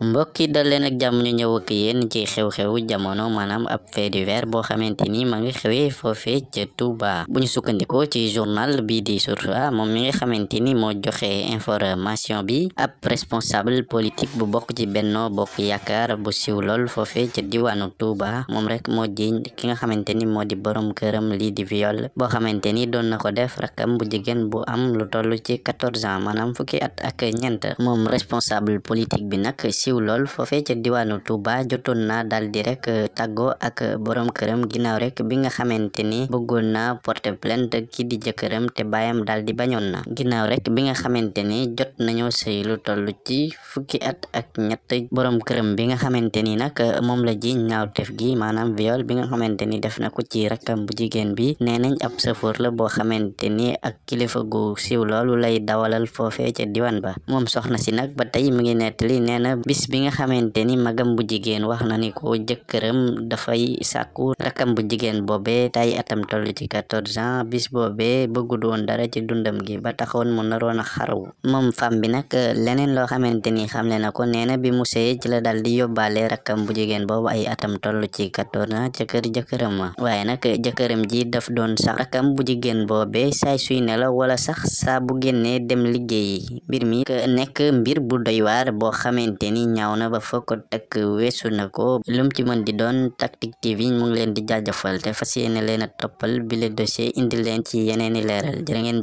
mbokki dal leen ak jàmm ñu ñëw ak yéen ci xew-xewu jamono maanaam ab fait divers boo xamante ni ma ngi xewee foofee ca Touba bu ñu sukkandikoo ci journal bi di Source A moom mi nga xamante ni moo joxe information bi ab responsable politique bu bokk ci Benno Bokk Yaakaar bu siiw lool foofee ca diwaanu Touba moom rek moo jiiñ ki nga xamante ni moo di borom këram lii di viol boo xamante ni doon na ko def rakam bu jigéen bu am lu toll ci 14 ans maanaam fukki at ak ñeent moom politique bi nag siiw lool foofee ca diwaanu Touba jotoon na daal di rek euh, tàggoo ak euh, borom këram ginnaaw rek bi nga xamante ni bëggoon na porter plainte ki di jëkkëram te baayam daal di bañoon na ginnaaw rek bi nga xamante ni jot nañoo sëy lu toll ci fukki at ak ñett borom këram bi nga xamante ni nag euh, moom la ji ñaawteef gi maanaam viol bi nga xamante ni def na ko ci rakkam bu jigéen bi nee nañ ab safoor la boo xamante ni ak kilifa gu siiw loolu lay dawalal foofee ca diwaan ba moom soxna si bis bi nga xamante ni magam bu jigéen wax na ni ko jëkkëram dafay sàkku rakam bu jigéen boobe tay atam toll ci quatorze ans bis boobe bëggu doon dara ci dundam gi ba taxoon mu naroon a xaru moom fam bi nag leneen loo xamante ni xamle na ko nee na bi mu sëyee ci la daal di yóbbaale rakkam bu jigéen boobu ay atam toll ci quatorze ans ca kër jëkkëram waaye nag jëkkëram ji daf doon sax rakkam bu jigéen boobe saay suy nelaw wala sax sa bu génnee dem liggéeyi mbir mi nekk mbir bu doy ñaaw na ba foo ko takk weesu na ko lum ci mën di doon Tactic TV mu ngi leen di jaajëfal te fas yéene leen a toppal bi le dossier indi leen ci yeneeni leeral jërë ngeen